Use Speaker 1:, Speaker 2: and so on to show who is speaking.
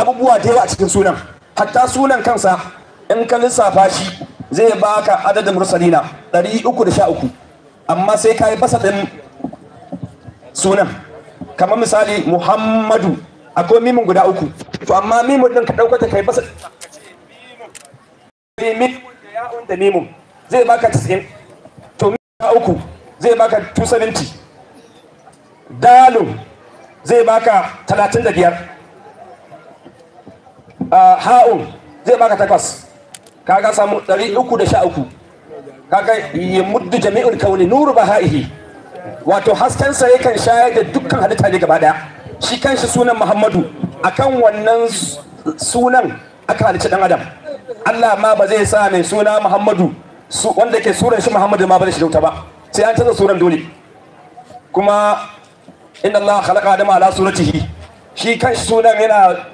Speaker 1: abubuwa da yawa a cikin sunan hatta sunan kansa in ka lissafa shi zai baka adadin mursalina 313 amma sai ka yi basa ɗin sunan kamar misali muhammadu akwai mimin guda uku to amma mimin ɗin ka ɗauka ta kai basa mimin da mimin zai baka 90 to mimin uku zai baka 270 Dalu zai baka 35 Ah, ha'un zai baka takwas kaga samu ɗari uku da sha uku kaga ya muddu jami'ul kauni nuru bahaihi wato haskensa kan shayar da dukkan halitta ne gaba ɗaya shi kanshi sunan muhammadu akan wannan sunan aka halicci ɗan adam Allah ma ba zai sa mai suna muhammadu wanda ke suran shi muhammadu ma ba zai shirauta ba sai an canza suran dole kuma inna Allah khalaqa adama ala suratihi shi kanshi sunan yana